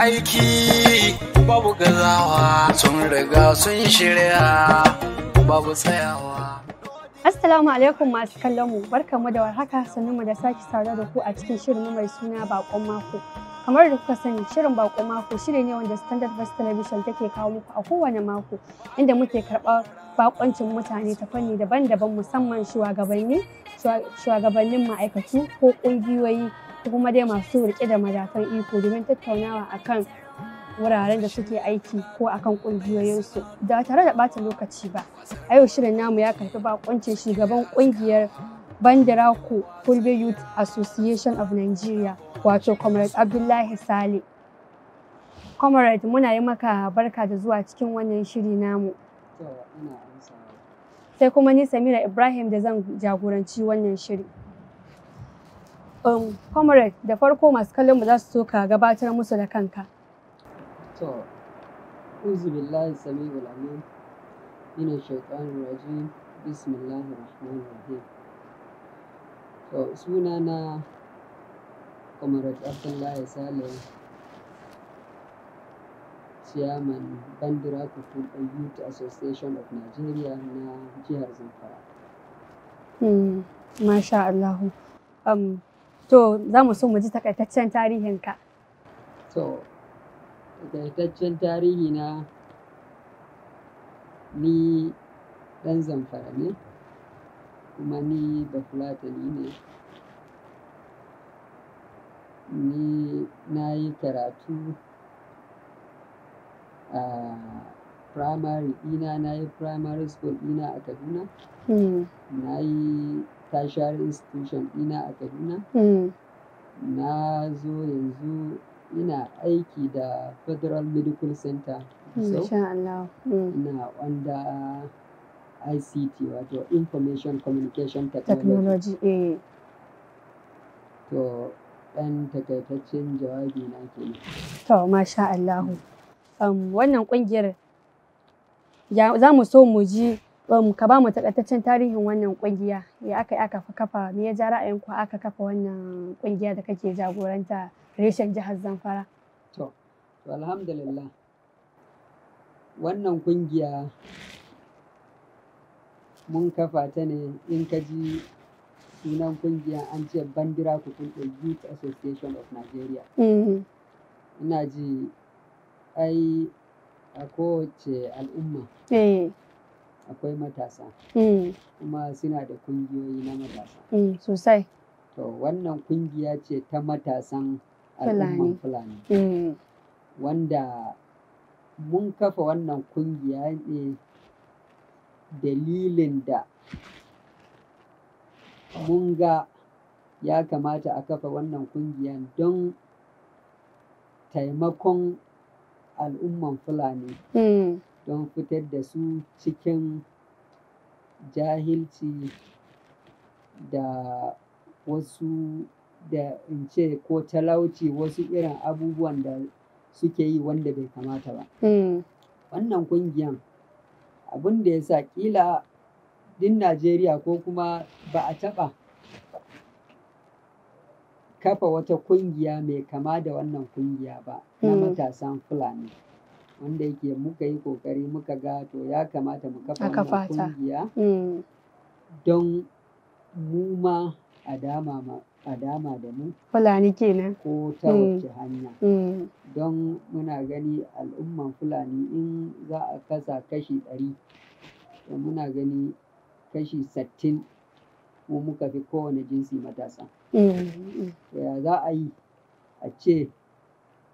aiki babu gazawa sun riga sun shirya babu tsayawa. Assalamu alaikum masu kallon mu barkamu da warhaka sannu mu da sake saurare da ku a cikin shirin mai suna bakon mako. Kamar da kuka sani shirin bakon mako shiri ne wanda Standard Bus Television take kawo muku a kowane mako inda muke karɓar bakoncin mutane ta fanni daban-daban musamman shugabanni, shugabannin ma'aikatu ko ƙungiyoyi kuma dai masu rike da madafan iko domin tattaunawa akan wuraren da suke aiki ko akan ƙungiyoyinsu. da tare da bata lokaci ba a yau shirin namu ya karfi bakuncin shugaban kungiyar bandirako fulbe youth association of nigeria wato comrade abdullahi sale comrade muna yi maka barka da zuwa cikin wannan shiri namu sai kuma ni samira ibrahim da zan jagoranci wannan shiri Um, comrade da farko masu kallon mu za su so ka gabatar musu da kanka. To, uzu billahi Sami amin. Ina shaitanir rajim. Bismillahir rahman rahim. To, suna na comrade lahi Sale. Chairman Bandira Kutu Youth Association of Nigeria na jihar Zamfara. Hmm, masha Allahu. Um, To za mu so mu ji takaitaccen tarihinka. To, takaitaccen tarihi na ni ɗan zamfara ne, kuma ni da bafulatani ne. Ni na yi karatu a primary ɗina, na yi primary school ɗina a Kaduna. Hmm. Na yi tashar institution ɗina a kaduna hmm. na zo yanzu ina aiki da federal medical center hmm, so hmm. ina wanda ict wato information communication technology, eh. to ɗan takaitaccen jawabi na ke to masha Allahu um, wannan ƙungiyar za mu so mu ji ka ba mu takaitaccen tarihin wannan kungiya ya aka aka kafa me ya ja ra'ayin ku aka kafa wannan ƙungiya da kake jagoranta reshen jihar Zamfara to alhamdulillah wannan ƙungiya mun kafa ta ne in ka ji sunan kungiya an ce bandira kukun youth association of nigeria mm-hmm. ina ji ai a kowace al'umma eh. akwai matasa mm. kuma suna da kungiyoyi na matasa mm, sosai to wannan kungiya ce ta matasan al'umman fulani mm. wanda mun kafa wannan kungiya ne dalilin da mun ga ya kamata a kafa wannan kungiyan don taimakon al'umman fulani don fitar da su cikin jahilci da wasu da in ce ko talauci wasu irin abubuwan da suke yi wanda bai kamata ba. Hmm. Wannan kungiyan abin da ya sa kila din Najeriya ko kuma ba a taɓa kafa wata kungiya mai kama da wannan kungiya ba na hmm. matasan Fulani. wanda yake muka yi kokari muka ga to ya kamata mu kafa kungiya mm. don mu ma a dama da mu fulani kenan ko ta mm. wace hanya mm. don muna gani al'umman fulani in za a kasa kashi ɗari to muna gani kashi sattin mu muka fi kowane jinsi matasa ya za a yi a ce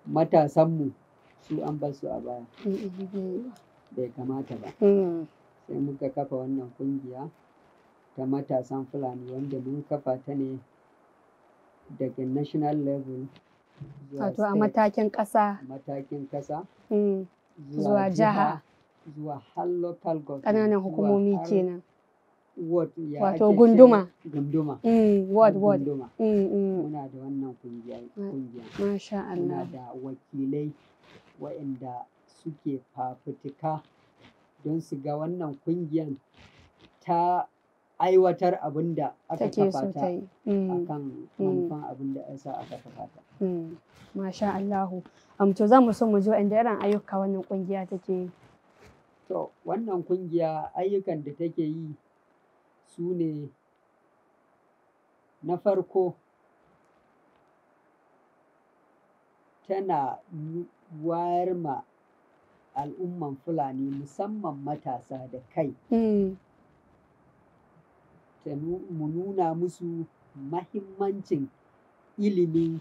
matasanmu su an ba su a baya bai kamata ba sai muka kafa wannan kungiya ta matasan fulani wanda mun kafa ta ne daga national level wato a matakin kasa matakin kasa mm. zuwa jiha zuwa har local government ƙananan hukumomi kenan wato gunduma gunduma mm, ward ward gunduma mm, muna da wannan kungiya kungiya masha Allah muna da wakilai waɗanda suke fafutuka don su ga wannan kungiyar ta aiwatar abin da aka kafata akan mm. mm. manufan abin da ya sa aka kafata. Mm. Masha Allahu. to za mu so mu ji waɗanda irin ayyuka wannan kungiya take yi. To wannan kungiya ayyukan da take yi su ne na farko tana wayar ma al'umman fulani musamman matasa da kai mm. mu nuna musu mahimmancin ilimin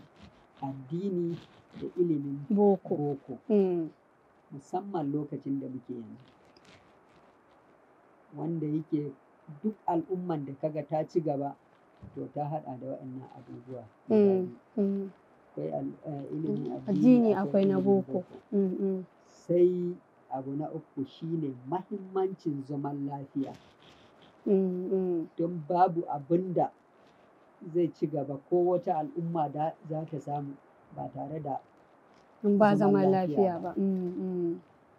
addini da ilimin boko mm. musamman lokacin da muke yanzu wanda yake duk al'umman da kaga ta ci gaba to ta hada da waɗannan abubuwa mm. akwai eh, ilimin mm, addini akwai na boko mm, mm. sai abu na uku shine mahimmancin zaman lafiya don babu abin da zai ci gaba ko wata al'umma da za ta samu ba tare da ba zaman lafiya ba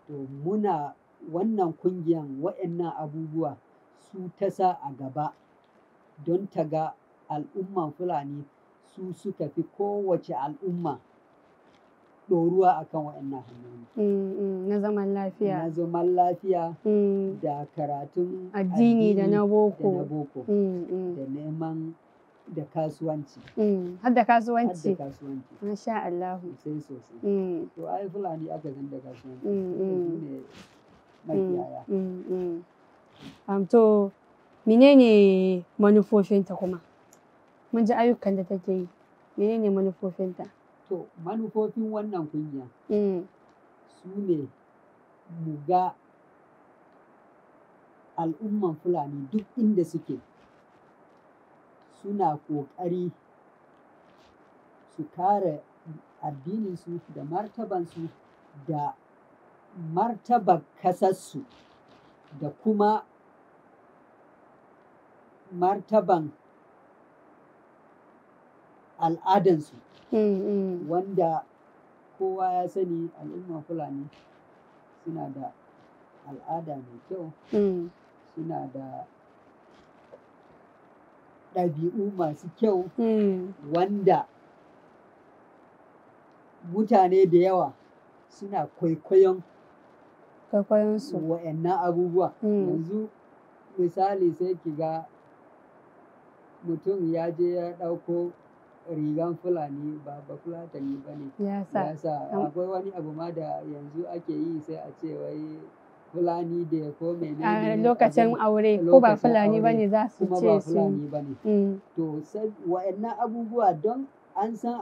to muna wannan kungiyan wa'annan abubuwa su ta sa a gaba don ta ga al'umman fulani su suka fi kowace al'umma ɗoruwa a kan waɗannan hanyoyi. Mm, mm, na zaman lafiya. Na zaman lafiya mm. da karatun addini da na boko. Da na boko. Da neman da kasuwanci. Har da kasuwanci. Har da kasuwanci. Masha Allah. Sai sosai. To ai Fulani aka san da kasuwanci. Ne makiyaya. To menene manufofinta kuma? mun ji ayyukan da take yi menene manufofinta to manufofin wannan kungiya mm. su ne mu ga al'umman fulani duk inda suke suna kokari su kare addininsu da martabansu da martabar kasarsu da kuma martaban al'adansu mm, mm. wanda kowa ya sani al'umma fulani suna da al'ada mai kyau mm. suna da ɗabi'u masu kyau wanda mutane da yawa suna kwaikwayon kwaikwayonsu wa'annan abubuwa yanzu misali sai ki ga mutum ya je ya ɗauko rigan fulani ba ba fulatani ba ne ya sa akwai wani abu ma da yanzu ake yi sai a ce wai fulani da ko ne. lokacin aure ko ba fulani ba ne za su ce su fulani ba ne mm. to sai wa'annan abubuwa don an san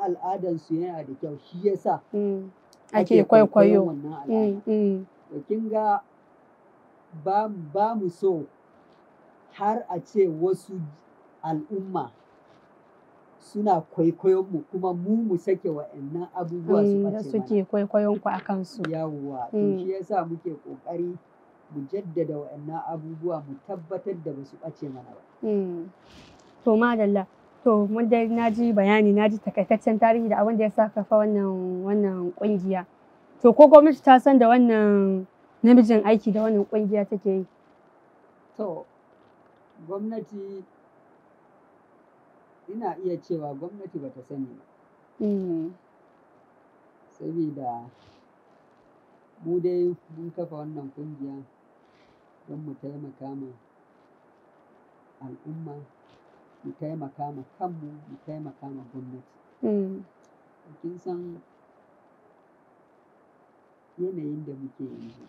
su yana da kyau shi yasa mm. ake kwaikwayo mm, to kin ga ba mu so har a ce wasu al'umma suna kwaikwayon mu kuma mu mu sake wa'annan abubuwa su eh, ɓace mana. suke kwaikwayon ku akan su. Yawwa, to eh. shi yasa muke ƙoƙari mu jaddada wa'annan abubuwa mu tabbatar da ba su ɓace mana ba. Eh. To madalla, to mun dai na ji bayani na ji takaitaccen tarihi da abin da ya sa kafa wannan wannan ƙungiya. To ko gwamnati ta san da wannan namijin aiki da wannan ƙungiya take yi? To gwamnati ina iya cewa gwamnati bata sani ba. Mm. saboda mu dai mun kafa wannan kungiya don mu taimaka ma al'umma, mu taimaka ma kanmu, mu taimaka ma gwamnati. Mm. Kin san yanayin da muke yanzu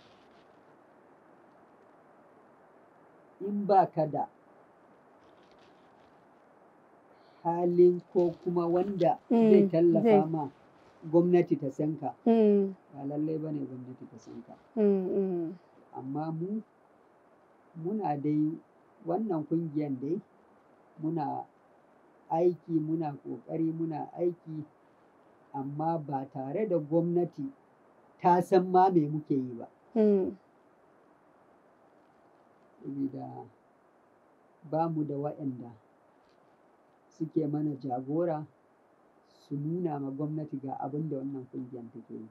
in ba ka da halin ko kuma wanda mm, zai tallafa ma gwamnati ta san mm. ba lallai ba ne gwamnati ta san mm, amma mu muna dai wannan kungiyan dai muna aiki muna ƙoƙari muna aiki amma ba tare da gwamnati ta san ma me muke yi ba ba mu da waɗanda suke mana jagora su nuna ma gwamnati ga abin da wannan kungiyar take yi.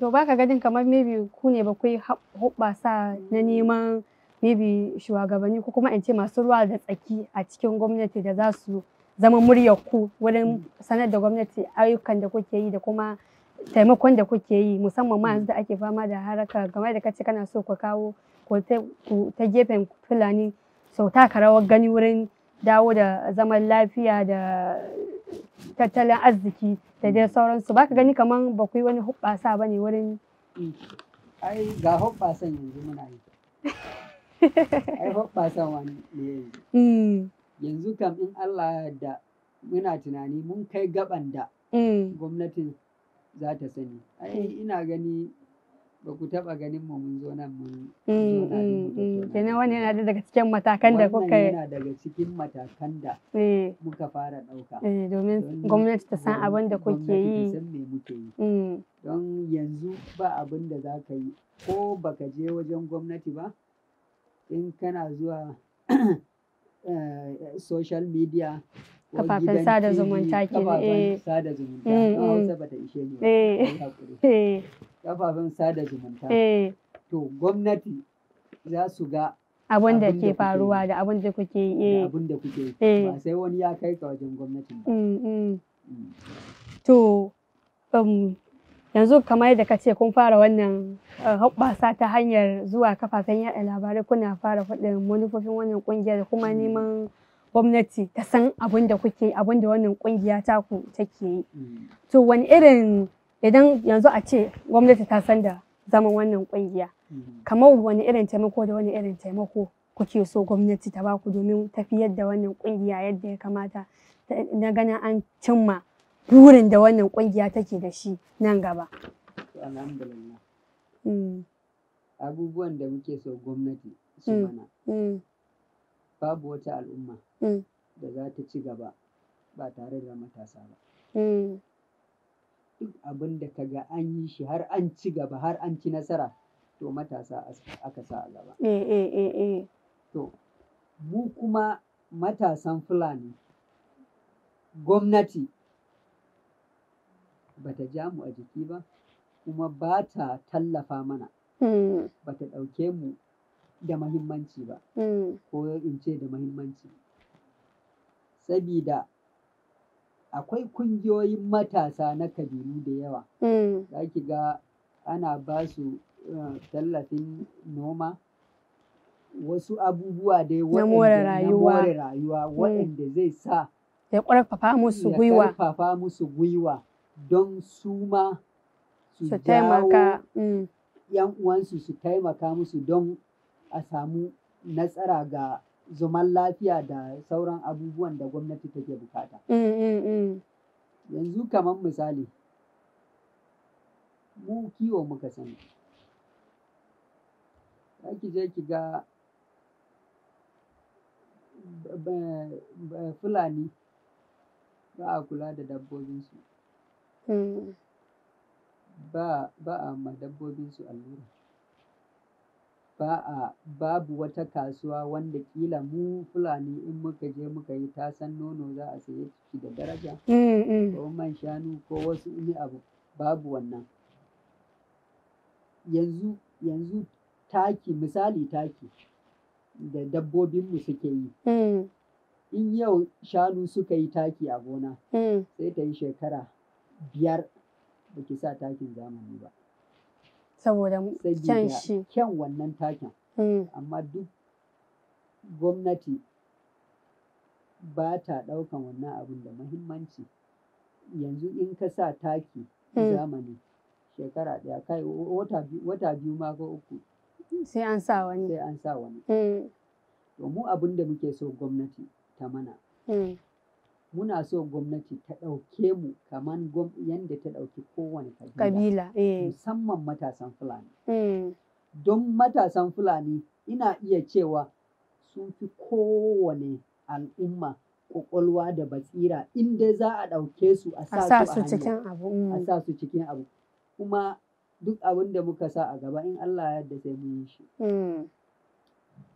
To ba ka ganin kamar maybe ku ne ba ku yi hubbasa na neman maybe shugabanni ko kuma in ce masu ruwa da tsaki a cikin gwamnati da za su zama muryar ku wurin sanar da gwamnati ayyukan da kuke yi da kuma taimakon da kuke yi musamman ma yanzu da ake fama da haraka game da kace kana so ku kawo ko ta gefen fulani sau taka rawar gani wurin dawo da zaman lafiya da tattalin arziki da dai sauransu ba ka gani kamar ba ku yi wani hubbasa ba ne wurin ai ga hubbasan yanzu muna yi ai hubbasan wani ne mm. yanzu kam in Allah da muna tunani mun kai gaban da mm. gwamnatin za ta sani ai ina gani ba ku taɓa ganin mu mun zo nan mun mm, mm, mm. kenan wani yana daga cikin matakan da kuka yi yana daga cikin matakan da eh. muka fara ɗauka eh, domin gwamnati ta san abin da kuke yi don yanzu ba abin da za ka yi ko baka je wajen gwamnati ba in kana zuwa eh, social media kafafen sada zumunta ke kafafen sada zumunta a hausa ta ishe ni ba kafafen sada zumunta eh. to gwamnati za su ga abin da ke faruwa da abin da kuke yi eh. abin da kuke eh. ba sai wani ya kai ka wajen gwamnatin ba mm, mm. Mm. to um, yanzu kamar da ka ce kun fara wannan hoɓɓasa ta hanyar zuwa kafafen yaɗa labarai kuna fara faɗin manufofin wannan ƙungiyar kuma neman gwamnati ta san abin da kuke abin da wannan ƙungiya ku take yi to wani irin idan yanzu a ce gwamnati ta san da zaman wannan kungiya mm-hmm. kamar wani irin taimako da wani irin taimako kuke so gwamnati ta baku domin tafiyar da wannan kungiya yadda ya kamata na ganin an cimma burin da wannan kungiya take da shi nan gaba. Mm. Abubuwan da muke so gwamnati su mm. mana. Mm. Babu wata al'umma da za ta ci gaba ba tare da matasa ba. duk abin da ka ga an yi shi har an ci gaba har an ci nasara to matasa aka sa a gaba. Eh, eh, eh, to, mu kuma matasan Fulani gwamnati bata ja mu a jiki ba kuma ba ta tallafa mana hmm. ba ta ɗauke mu da mahimmanci ba hmm. ko in ce da mahimmanci. Sabida akwai kungiyoyin matasa na kabilu da yawa mm. za ki ga ana ba su eh, tallafin noma wasu abubuwa dai na more rayuwa mm. waɗanda zai sa ya ƙarfafa musu gwiwa ya ƙarfafa musu gwiwa don su ma su taimaka yan mm. uwansu su taimaka musu don a samu nasara ga zuman lafiya da sauran abubuwan da gwamnati take bukata. Mm, mm, mm. Yanzu kamar misali, mu kiwo muka sani. ki je ki ga Fulani ba a kula da dabbobinsu. Ba a ma dabbobinsu allura. ba a babu wata kasuwa wanda kila mu fulani in muka je muka yi tasan nono za a saye da daraja mm, mm. ko man shanu ko wasu ini abu babu wannan yanzu yanzu taki misali taki da dabbobinmu suke yi mm. in yau shanu suka yi taki a gona sai ta yi shekara biyar ba ki sa takin zamani ba saboda kyan shi kyan wannan takin mm. amma duk gwamnati ba ta ɗaukan wannan abin da muhimmanci yanzu in ka sa taki mm. zamani shekara ɗaya kai wata biyu ma ko uku sai an sa wani sai an sa wani mm. to mu abin da muke so gwamnati ta mana muna so gwamnati ta ɗauke mu kamar yadda ta ɗauki kowane kabila eh. musamman matasan fulani hmm. don matasan fulani ina iya cewa sun fi kowane al'umma ƙwaƙwalwa, da basira inda za a ɗauke su a sa su cikin abu hmm. a sa su cikin abu kuma duk abin da muka sa a gaba in Allah ya yarda sai mun yi shi hmm.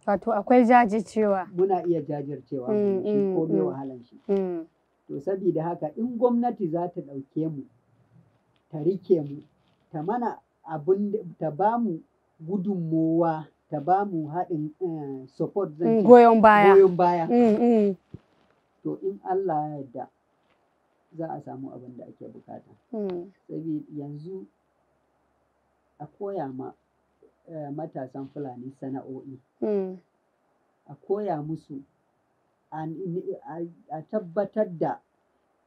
Wato akwai jajircewa. Muna iya jajircewa shi mm, mm, ko mai mm. wahalan shi. To sabida haka in gwamnati za ta ɗauke mu, ta rike mu, ta mana abin ta ba mu gudunmowa, ta ba mu haɗin eh, support zan goyon baya. Goyon baya. To in Allah ya yarda za a samu abin da ake bukata. Sabi yanzu a koya ma Eh, matasan fulani sana'o'i hmm. a koya musu a tabbatar da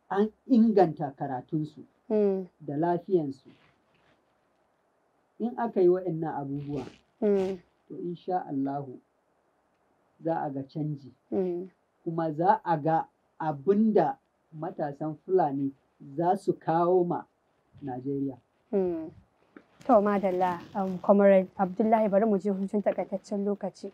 an inganta karatunsu hmm. da lafiyansu in aka yi waɗannan abubuwa hmm. to insha Allahu za a ga canji kuma za a ga abin da matasan fulani za su kawo ma Najeriya. To madalla, um, Comrade Abdullahi bari mu je hutun takaitaccen lokaci.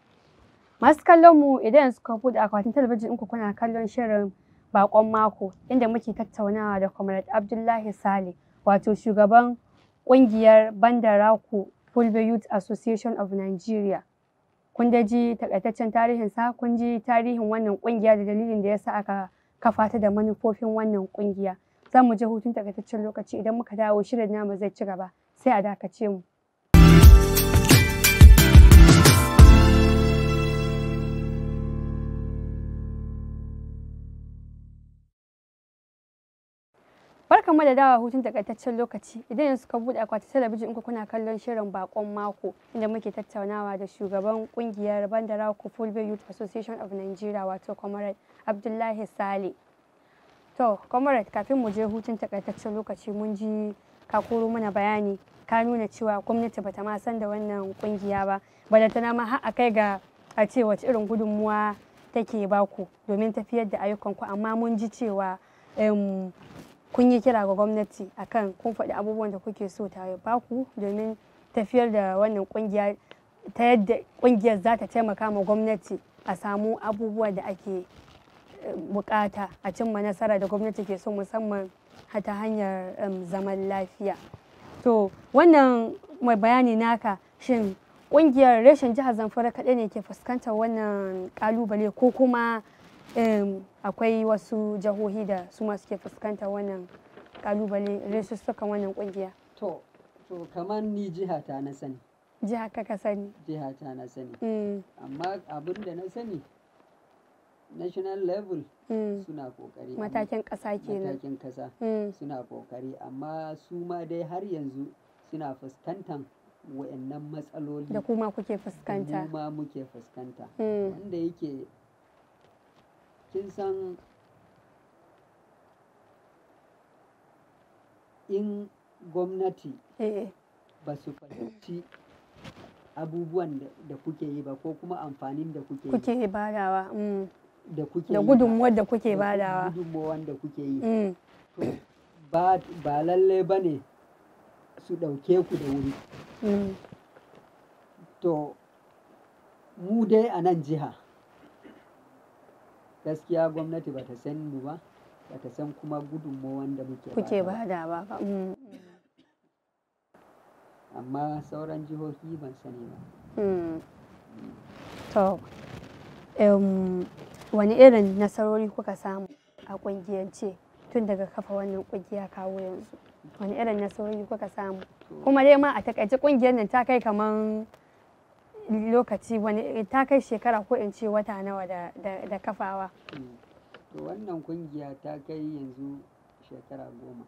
Masu kallon mu idan yanzu ka buɗe akwatin talabijin ku kuna kallon shirin bakon mako inda muke tattaunawa da Comrade Abdullahi Sale wato shugaban ƙungiyar Bandaraku Fulbe Youth Association of Nigeria. Kun da ji takaitaccen tarihin sa, kun ji tarihin wannan kungiya da dalilin da yasa aka kafa ta da manufofin wannan ƙungiya. Za mu je hutun takaitaccen lokaci idan muka dawo shirin namu zai ci gaba. sai a dakace mu. Barkan mu da dawa hutun takaitaccen lokaci idan yanzu ka bude akwatin talabijin ku kuna kallon shirin bakon mako inda muke tattaunawa da shugaban kungiyar Bandara Fulbe Youth Association of Nigeria wato Comrade Abdullahi Sale. To Comrade kafin mu je hutun takaitaccen lokaci mun ji ka koro mana bayani ka nuna cewa gwamnati bata ma san da wannan kungiya ba ba tana ma har a kai ga a ce wace irin gudunmuwa take baku domin tafiyar da ayyukan ku amma mun ji cewa kun yi kira ga gwamnati akan kun faɗi abubuwan da kuke so ta baku domin tafiyar da wannan kungiya ta yadda kungiyar za ta taimaka ma gwamnati a samu abubuwan da ake eh, bukata a cimma nasara da gwamnati ke so musamman ta hanyar zaman lafiya to wannan mai bayani naka shin kungiyar reshen jihar zamfara kaɗai ne ke fuskantar wannan kalubale ko kuma akwai wasu jihohi da su ma suke fuskantar wannan kalubale resussukan wannan kungiya to to kamar ni jiha ta na sani jiha ka ka sani jiha ta na sani mm. amma abin da na sani national level mm. suna kokari matakin kasa kenan matakin kasa mm. suna kokari amma su ma dai har yanzu suna fuskantar wa'annan matsaloli da kuma kuke fuskanta kuma muke fuskanta mm. wanda yake kin san in gwamnati eh. ba su fahimci abubuwan da kuke yi ba ko kuma amfanin da kuke yi ba da gudunmuwar da kuke badawa gudunmuwar da kuke yi mm. ba lalle ba ne su dauke ku da wuri mm. to mu dai a nan jiha gaskiya gwamnati ba ta san mu ba ba ta san kuma gudunmuwar da muke kuke bada ba mm, amma sauran jihohi ban sani ba to wani irin nasarori kuka samu a kungiyance tun daga kafa wannan kungiya kawo yanzu wani irin nasarori kuka samu kuma dai ma a takaice kungiyar nan ta kai kaman lokaci wani ta kai shekara ko in ce wata nawa da kafawa to wannan kungiya ta kai yanzu shekara goma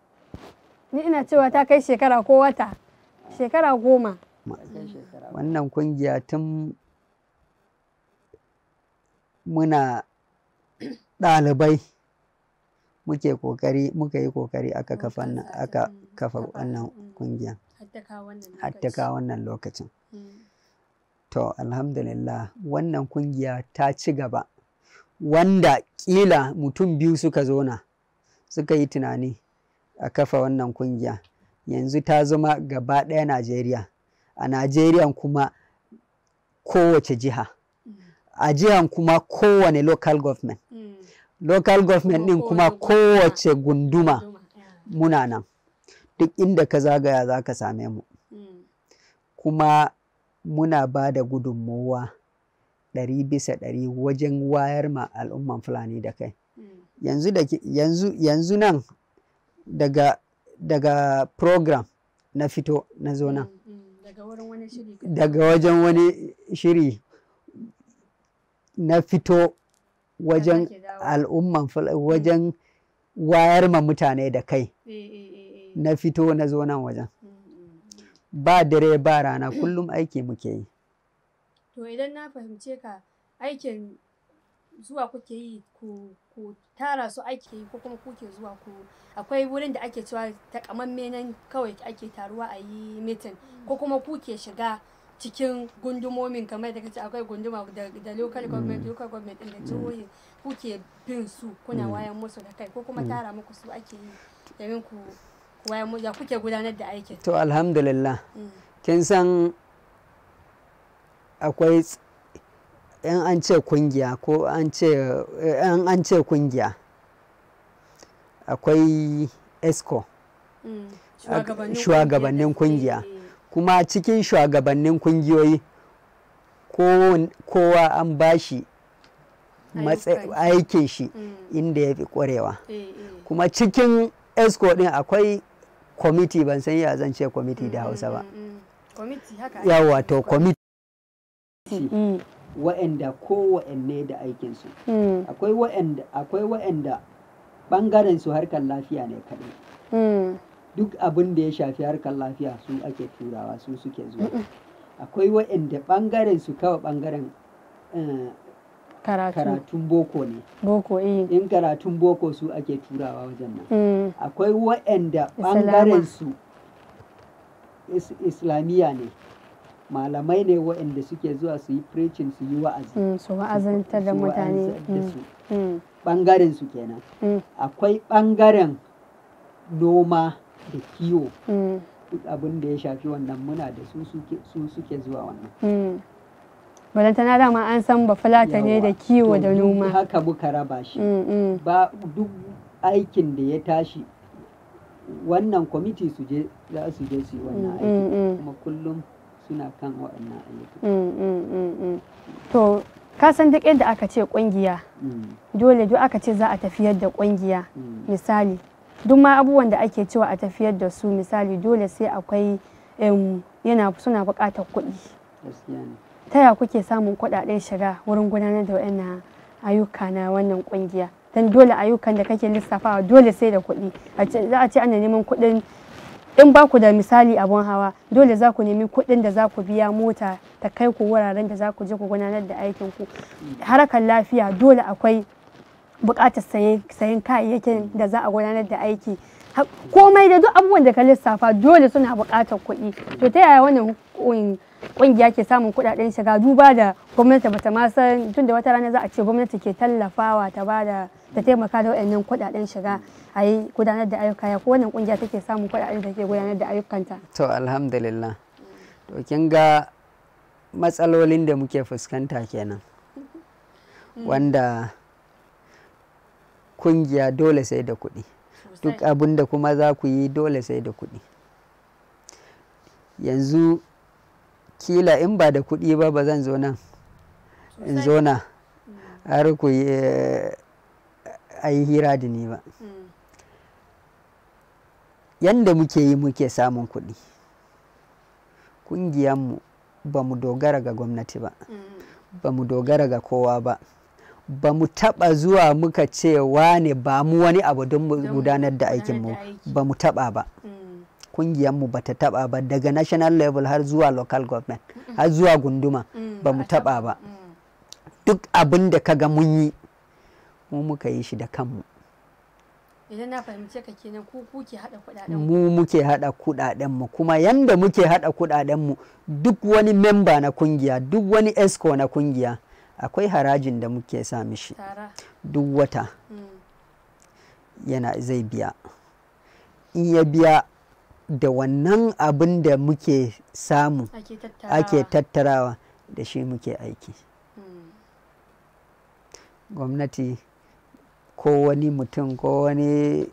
ni ina cewa ta kai shekara ko wata shekara goma wannan kungiya tun muna ɗalibai muke kokari muka yi kokari aka kafa wannan mm, ƙungiya. hatta ka wannan lokacin mm. to alhamdulillah wannan ƙungiya ta ci gaba wanda ƙila mutum biyu suka zona suka yi tunani a kafa wannan ƙungiya. yanzu ta zama gaba ɗaya najeriya a najeriya kuma kowace jiha mm. a jihan kuma kowane local government mm. local government din kuma kowace gunduma muna nan duk inda ka zagaya za ka same mu hmm. kuma muna ba da gudunmowa ɗari bisa ɗari wajen wayar ma al'umman fulani da kai hmm. yanzu, nan daga, daga program na fito na zo nan hmm, daga wajen wani shiri na fito wajen al'umman mm. wajen wayar ma mutane da kai eh, eh, eh, na fito na zo nan wajen mm, mm, ba dare ba rana kullum aiki muke yi to idan na fahimce ka aikin zuwa kuke yi ku tara su ake yi ko kuma kuke zuwa ku akwai wurin da ake cewa takamamme nan kawai ake taruwa a yi mitin ko kuma kuke shiga cikin gundumomin kamar da kace akwai gunduma da local mm. government local government din da jihohi kuke bin su kuna mm. wayan musu da kai ko kuma mm. tara muku su ake yi domin ku wayan musu ya kuke gudanar da aikin to alhamdulillah kin san akwai yan an ce kungiya ko an ce yan an ce kungiya akwai esco shugabannin kungiya kuma cikin shugabannin kungiyoyi kowa an bashi aikin shi mm. inda ya fi kwarewa eh, eh. kuma cikin esco din akwai kwamiti ban san ya zan kwamiti da mm, hausa ba mm, yawa to kwamiti wa'anda wa'anne da aikinsu akwai wa'anda ɓangaren su harkar lafiya ne kaɗai duk abin da ya shafi harkar lafiya su ake turawa su suke zuwa akwai waɗanda ɓangaren su kawai ɓangaren eh, karatun boko ne boko eh. in karatun boko su ake turawa wajen nan mm. akwai waɗanda ɓangaren su islamiyya ne malamai ne waɗanda suke zuwa su yi preaching su yi wa'azi mm, su wa'azanta da mutane mm, ɓangaren su kenan akwai ɓangaren noma da kiwo mm. duk abin da ya shafi wannan muna da su suke zuwa wannan mm. balantana dama an san ba fulata ne da kiwo da noma haka muka raba shi mm, ba duk aikin da ya tashi wannan kwamiti su je za su je su yi wannan aiki kuma kullum suna kan waɗannan aikin. to ka san duk yadda aka ce kungiya dole duk aka ce za a tafiyar da kungiya misali duk ma abubuwan da ake cewa a tafiyar da su misali dole sai akwai yana suna buƙatar kuɗi ta ya kuke samun kuɗaɗen shiga wurin gudanar da wayannan ayyuka na wannan ƙungiya don dole ayyukan da kake lissafawa dole sai da kuɗi za a ce ana neman kuɗin in ba ku da misali abun hawa dole za ku nemi kuɗin da za ku biya mota ta kai ku wuraren da za ku je ku gudanar da aikinku ku harakan lafiya dole akwai buƙatar sayen kayayyakin da za a gudanar da aiki komai da duk abubuwan da ka lissafa dole suna buƙatar kuɗi to ta yaya wannan ƙungiya ke samun kuɗaɗen shiga duba da gwamnati bata ma san tun da wata rana za a ce gwamnati ke tallafawa ta ba da ta taimaka da waɗannan kuɗaɗen shiga a yi gudanar da ayyuka ya ko wannan ƙungiya take samun kuɗaɗen da ke gudanar da ayyukanta. to alhamdulillah to kin ga matsalolin da muke fuskanta kenan mm-hmm. wanda kungiya dole sai da kuɗi duk abin da kuma za ku yi dole sai da kuɗi yanzu kila in ba da kuɗi ba ba zan zo nan in zo na mm. har ku yi eh, a yi hira da ni ba mm. yanda muke yi muke samun kuɗi ƙungiyanmu ba mu dogara ga gwamnati ba mm. ba mu dogara ga kowa ba ba mu taɓa zuwa muka ce wane ba mu wani abu don mu gudanar da aikinmu ba mu taɓa ba mm. mu ba ta taɓa ba daga national level har zuwa local government har zuwa gunduma mm, ba mu taɓa ba mm. duk abin da kaga mun yi mu muka yi shi da kanmu idan na fahimce ka kenan ku kuke hada kudaden mu muke hada kudaden mu kuma yanda muke hada kudaden mu duk wani memba na kungiya duk wani esco na kungiya akwai harajin da muke sa mishi duk wata hmm. yana zai biya in ya biya da wannan abin da muke samu ake tattarawa da shi muke aiki hmm. gwamnati ko wani mutum ko wani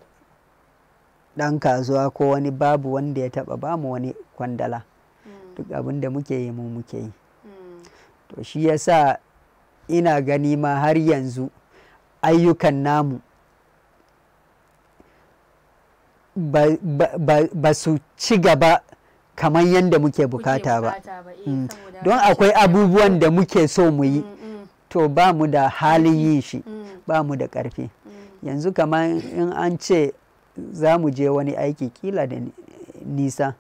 ɗan kasuwa ko wani babu wanda ya taɓa ba mu wani kwandala hmm. duk abin da muke yi mu muke yi to shi ya sa ina gani ma har yanzu ayyukan namu ba, ba, ba, ba su ci gaba kamar yadda muke bukata ba eh, mm. don akwai abubuwan da muke so mu yi mm, mm, to ba mu da halin yin shi ba mu da ƙarfi yanzu kamar in an ce za mu je wani aiki kila da nisa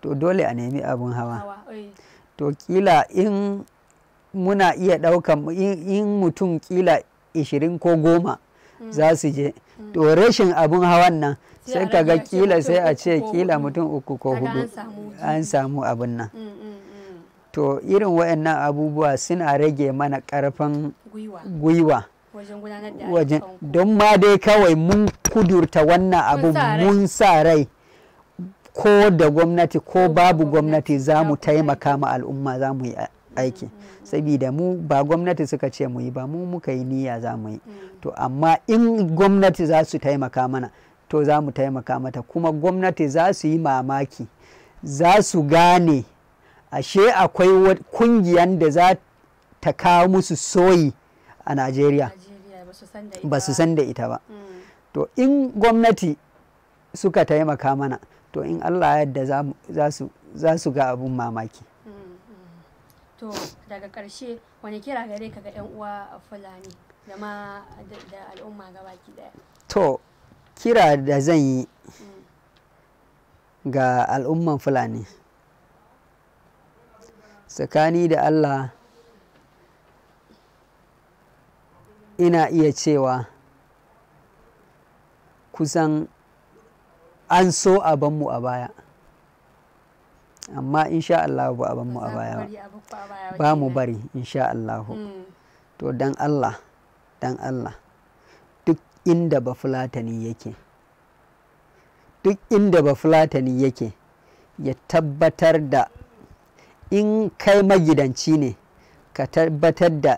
to dole a nemi abin hawa eh. to kila in muna iya ɗaukan in mutum kila ishirin ko goma mm. za su je mm. to rashin abun hawan nan sai kaga ga kila sai a ce kila mutum uku ko hudu an samu abun nan mm, to irin waɗannan abubuwa suna rage mana ƙarfin gwiwa wajen don ma dai kawai mun kudurta wannan abu mun sa rai ko da gwamnati ko babu gwamnati za mu taimaka ma al'umma za mu yi aiki mm. saboda mu ba gwamnati suka ce mu yi ba mu muka yi niyya za mu yi mm. to amma in gwamnati za su taimaka mana to za mu taimaka mata kuma gwamnati za su yi mamaki za su gane ashe akwai kungiyan da za ta kawo musu soyi a najeriya ba su san da ita ba mm. to in gwamnati suka taimaka mana to in allah yadda za su ga abun mamaki to daga ƙarshe wani kira gare ka ga 'yan uwa a fulani da ma da al'umma baki daya to kira da zan yi ga al'umman fulani tsakani da allah ina iya cewa kusan an so a banmu a baya amma insha Allah ba abin mu a baya ba mu bari insha Allah hmm. to dan Allah dan Allah duk inda ba fulatani yake duk inda ba fulatani yake ya tabbatar da in kai magidanci ne ka tabbatar da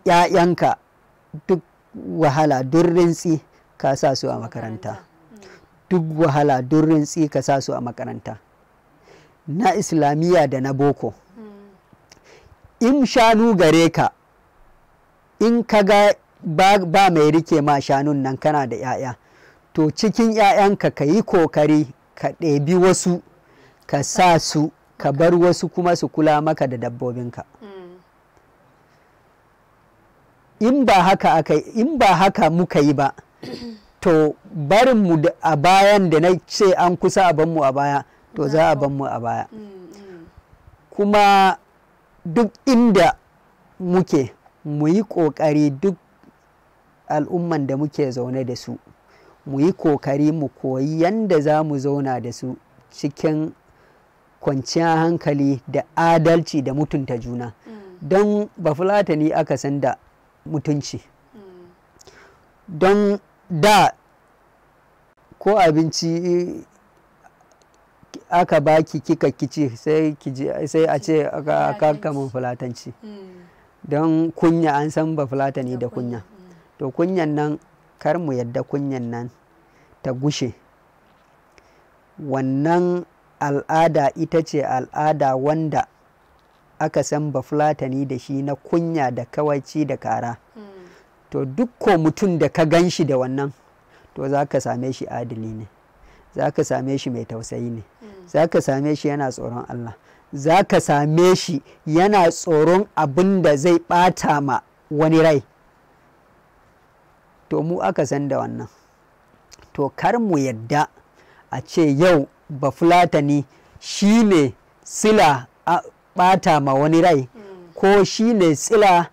‘ya'yanka duk wahala duk rintsi ka sa su a makaranta hmm. duk wahala duk rintsi ka sa su a makaranta na islamiyya da na boko in shanu gare ka in ka ga ba, mai rike ma shanun nan kana da 'ya'ya to cikin 'ya'yanka ka yi kokari ka ɗebi wasu ka sa su ka bar wasu kuma su kula maka da dabbobinka mm. in ba haka aka in ba haka muka yi ba to barinmu a bayan da na ce an kusa a banmu a baya to za a ban mu a baya mm, mm. kuma duk inda muke mu yi ƙoƙari duk al'umman da muke zaune da su mu yi ƙoƙari mu koyi yanda za mu zauna da su cikin kwanciyar hankali da adalci da mutunta juna mm. don ba bafulatani aka san da mutunci don da ko abinci aka baki kika kici sai sai a ce aka kamun fulatanci mm. don kunya an san ba fulatani da kunya mm. to kunyan nan kar mu yadda kunyan nan ta gushe wannan al'ada ita ce al'ada wanda aka san ba fulatani da shi na kunya da kawaici da kara mm. to duk mutum da ka gan shi da wannan to za ka same shi adili ne za ka same shi mai tausayi ne mm. za ka same shi yana tsoron Allah za ka same shi yana tsoron abin da zai ɓata ma wani rai to mu aka san da wannan to kar mu yadda a ce yau ba fulatani shi ne sila a ɓata ma wani rai mm. ko shi ne tsila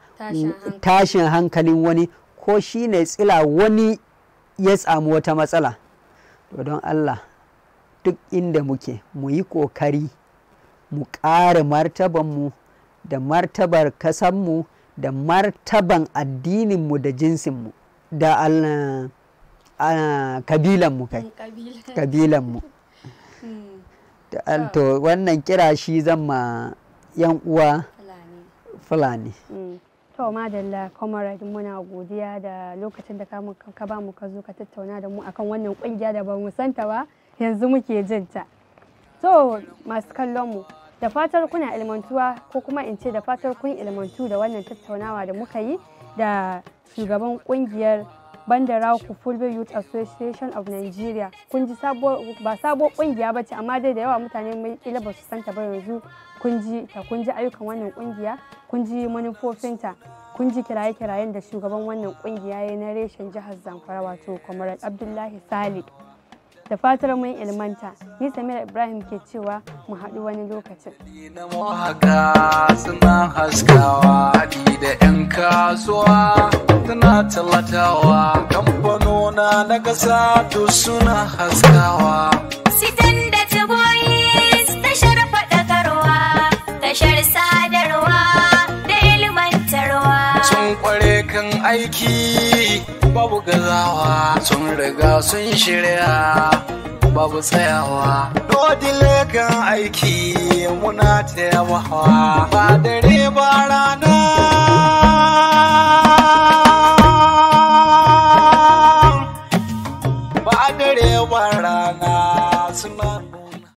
tashin hankalin wani ko shi ne tsila wani ya samu wata matsala to don allah duk inda muke mu yi ƙoƙari mu ƙara martabanmu da martabar kasanmu da martaban addininmu da jinsinmu da kabilanmu kai kabilanmu mm, mm. to wannan kira shi zan ma 'yan uwa fulani mm. To madalla comrade muna godiya da lokacin da ka ba mu ka zo ka tattauna da mu akan wannan kungiya da ba mu santa ba yanzu muke jin ta. To masu kallon mu da fatar kuna ilmantuwa ko kuma in ce da fatar kun ilmantu da wannan tattaunawa da muka yi da shugaban kungiyar Bandara Fulbe Youth Association of Nigeria. Kun ji ba sabo kungiya ba ce amma dai da yawa mutane mai kila ba su santa ba yanzu kun ji ta kun ayyukan wannan kungiya kunji ji manufofinta kunji kiraye-kirayen da shugaban wannan kungiya ya na reshen jihar zamfara wato comrade abdullahi sali da fatar mun ilmanta ni samira ibrahim ke cewa mu haɗu wani lokacin suna haskawa da 'yan kasuwa tana talatawa kamfanona na ƙasa suna haskawa aiki babu gazawa sun riga sun shirya babu tsayawa dodi kan aiki muna taimawa ba dare ba rana